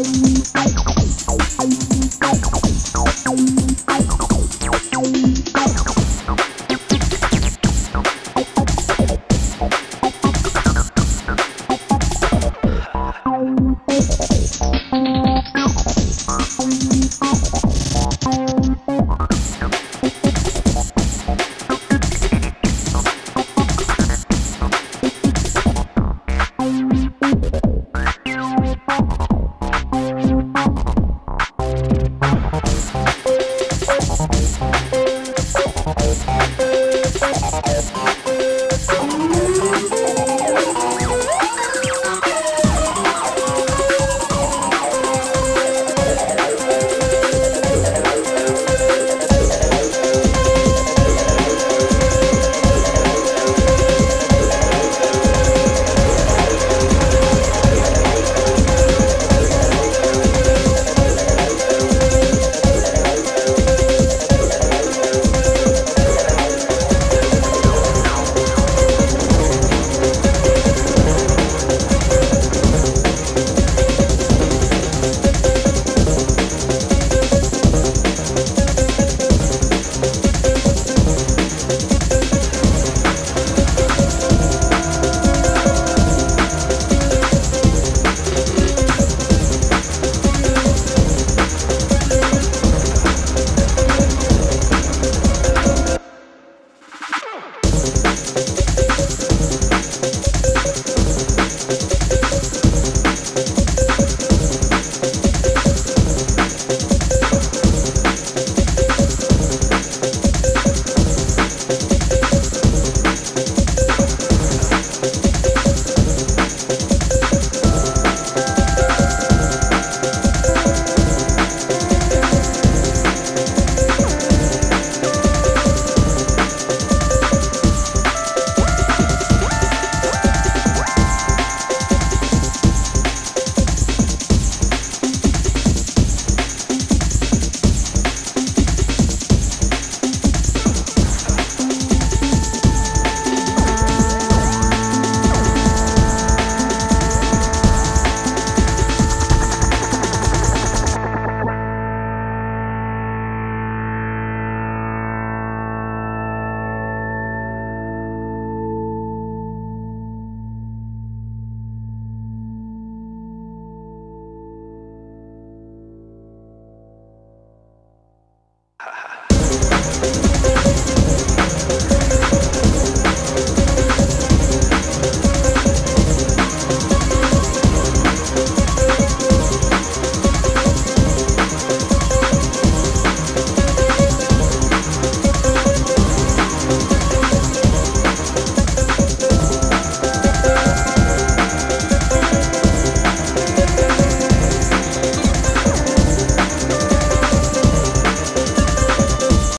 Bye. Thank you.